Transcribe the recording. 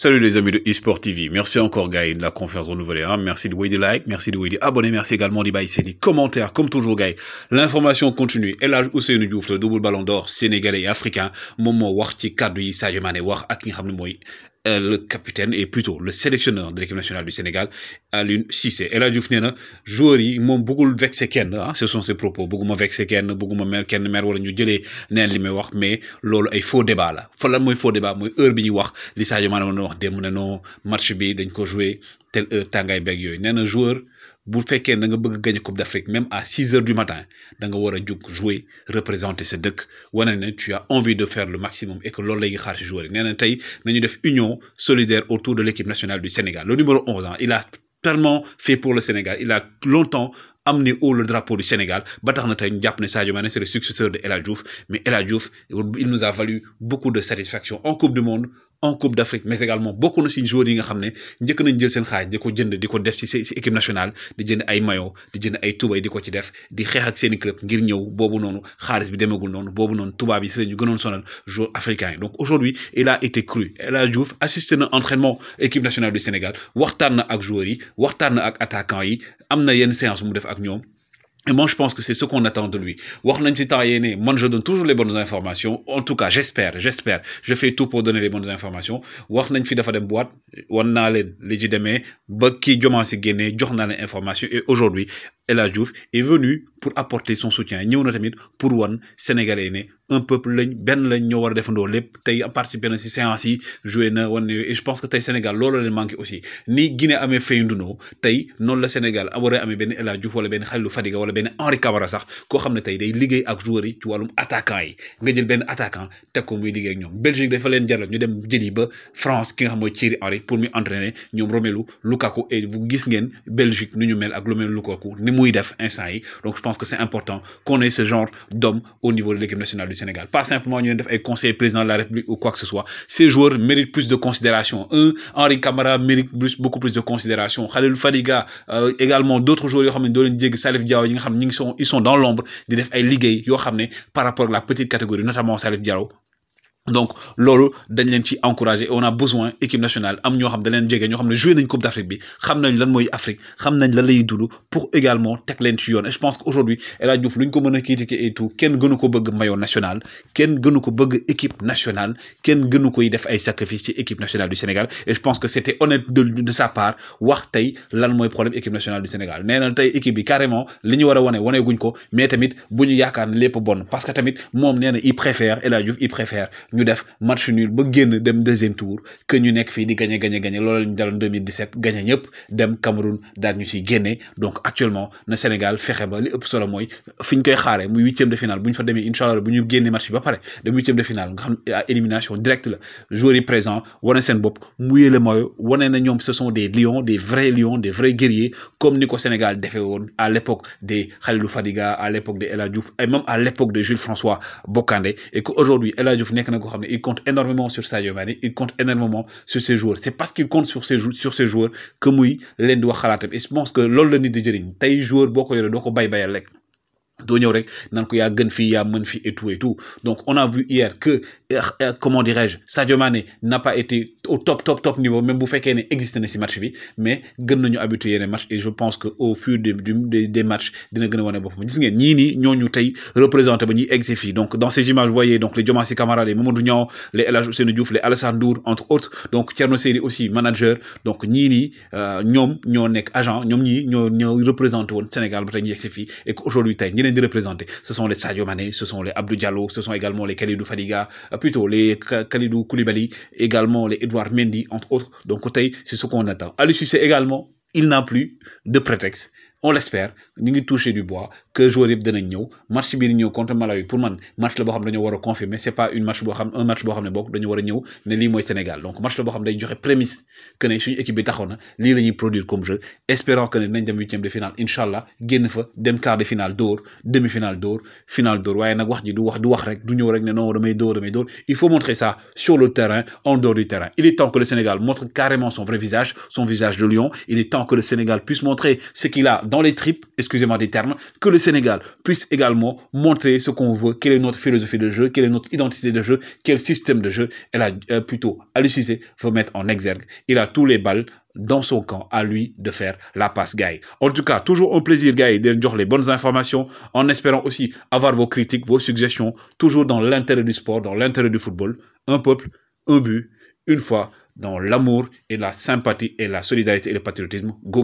Salut les amis de eSport TV. Merci encore Guy de la conférence renouvelée. Hein. Merci de way like, merci de way abonné, merci également de bails, des commentaires. Comme toujours Guy, l'information continue. Et là, c'est une le double ballon d'or sénégalais et africain. Momo war ci Mané euh, le capitaine et plutôt le sélectionneur de l'équipe nationale du Sénégal à' Cissé El Hadj a joueurs yi beaucoup vexé Ken, ah, ce sont ses propos bëgguma vexé Ken, beaucoup mer vexé mer wala ñu jëlee neen les mais ay faux débat Là. fa débat, un faux débat heure bi ñuy wax li match Tel heure joueur bu fekkee da nga bëgg a coupe d'Afrique même à 6 heures du matin da nga jouer représenter sa dëkk tu as envie de faire le maximum et que l'on lay xaar ci joueur yi union solidaire autour de l'équipe nationale du Sénégal le numéro 11, hein. il a tellement fait pour le Sénégal il a longtemps amener haut le drapeau du Sénégal ba c'est le successeur de El Diouf mais El Diouf il nous a valu beaucoup de satisfaction en coupe du monde en coupe d'Afrique mais également beaucoup de joueurs qui nga xam ne njëkk nañ jël seen xaaj di ko jënd def équipe nationale di jënd ay maillot di jënd ay tubay di ko ci def di xeex ak seen i club ngir ñëw bobu nonu, xaaris bi demagul nonu, bobu nonu, tubaab bi si la ñu sonal joueurs africains donc aujourd'hui il a été cru El a Diouf assisté à entraînement équipe nationale du Sénégal waxtaan na ak joueurs yi na ak attaquants yi am séance mu def et moi je pense que c'est ce qu'on attend de lui wax je donne toujours les bonnes informations en tout cas j'espère j'espère je fais tout pour donner les bonnes informations information et aujourd'hui El Hadj est venu pour apporter son soutien ñëw na tamit pour wan sénégalais yi un peuple lañ benn lañ ñoo war a defandoo lépp tey participer na séance yi joué na wan et je pense que tay Sénégal loolu leen manqué aussi ni Guinée amee Feyinduno tey non la Sénégal war a amee benn El Hadj Diouf wala benn Khalilou Fadiga wala benn Henri Camara sax koo xam ne tey day liggéey ak joueurs yi ci wàllum attaquant yi nga jël benn attaquant teg ko muy liggéey ak ñoom Belgique dafa leen jaral ñu dem jëli ba France ki nga xam mooy Thierry Henry pour muy entraîner ñoom Romelu Lukaku et bu gis ngeen Belgique nu ñu mel ak Romelu Lukaku donc je pense que c'est important qu'on ait ce genre d'hommes au niveau de l'équipe nationale du Sénégal pas simplement ñu conseiller président de la République ou quoi que ce soit ces joueurs méritent plus de considération un Henri Camara mérite beaucoup plus de considération Khalil Fadiga euh, également d'autres joueurs Salif yi ils sont dans l'ombre di def ay par rapport à la petite catégorie notamment Salif Diaw donc lolu dañ leen ci et on a besoin équipe nationale am ñoo xam dañ leen jege ñoo xam ne joué nañ coupe d'Afrique bi xam nañ lan mooy Afrique xam nañ lan lay dund pour également teg leen ci yoon et je pense que aujourd'hui El Hadj Diouf lu ko mën a critiquer et tout kenn gënu ko bëgg maillot national kenn gënu ko bëgg équipe nationale kenn gënu koy def ay sacrifice ci équipe nationale du Sénégal et je pense que c' était honnête de de sa part wax tey lan mooy problème équipe nationale du Sénégal nee na tey équipe bi carrément li ñu war a wane wane guñ ko mais tamit bu ñu yaakaar lépp bon parce que tamit moom nee na il préfère El Diouf il préfère ñu def match nul ba génn dem deuxième tour que ñu nekk fii di gagné gagné gagné loolu lañu daloon 2017 gagné ñëpp dem Cameroun daal ñu ci génnee donc actuellement na Sénégal fexe ba li ëpp solo mooy fiñ ñu koy xaare muy huitième de finale bu ñu fa demee incha allah bu ñu génnee match bi ba pare dem huitième de finale nga xam élimination directe la joueurs yi présent wane seen bopp muyee le maillot wane na ñoom ce sont des lions des vrais lions des vrais guerriers comme ni ko Sénégal defee woon à l'époque des Khalilou Fadiga à l'époque de El Hadj Diouf et même à l'époque de Jules François Bocandé et que aujourd'hui El Hadj Diouf nekk na ko il compte énormément sur Sadio Mané il compte énormément sur ses joueurs c'est parce qu'il compte sur ses sur ses joueurs que oui, je pense que l'on la nit di jëriñ les joueur Boko tout donc on a vu hier que euh, euh, comment dirais-je Sadio Mané n'a pas été au top top top niveau même si il qu'elle existé dans matchs mais gën nañu habitué les matchs et je pense que au fur des des des matchs dina a gis matchs représenté donc dans ces images vous voyez donc les Diomassi Kamara les Mamadou Niang les El Diouf les Alassane entre autres donc Thierno Seri aussi manager donc nini, ni euh, ñoom nek agent nyom ni Nyon représente représenté Sénégal ba et aujourd'hui de représenter ce sont les Sadio Mané ce sont les Abdou Diallo ce sont également les Khalidou Fadiga euh, plutôt les Khalidou Koulibaly également les Edouard Mendy entre autres donc c'est ce qu'on attend A c'est également il n'a plus de prétexte on l'espère ñu ngi touché du bois que joueur yëpp danañ ñëw match bi ñëw contre Malawi pour man match la bo xam dañu war a confirmer c'est pas une match bo xam un match bo xam ne bokk le war a ñëw Sénégal donc match la bo xam y day joxe prémisse que ne suñu équipe bi taxaw na lii la produire comme jeu espérant que ne dinañ dem huitième de finale inshallah allah génn fa dem quart de finale d'or, demi finale d'or, finale d'or. waaye nag wax ji du wax du wax rek du ñëw rek non il faut montrer ça sur le terrain en dehors du terrain il est temps que le Sénégal montre carrément son vrai visage son visage de lion il est temps que le Sénégal puisse montrer ce qu'il a dans les tripes, excusez-moi des termes, que le Sénégal puisse également montrer ce qu'on veut, quelle est notre philosophie de jeu, quelle est notre identité de jeu, quel système de jeu. Elle a euh, plutôt à veut mettre en exergue. Il a tous les balles dans son camp à lui de faire la passe Guy. En tout cas, toujours un plaisir Guy de les bonnes informations en espérant aussi avoir vos critiques, vos suggestions, toujours dans l'intérêt du sport, dans l'intérêt du football. Un peuple, un but, une fois dans l'amour et la sympathie et la solidarité et le patriotisme. Go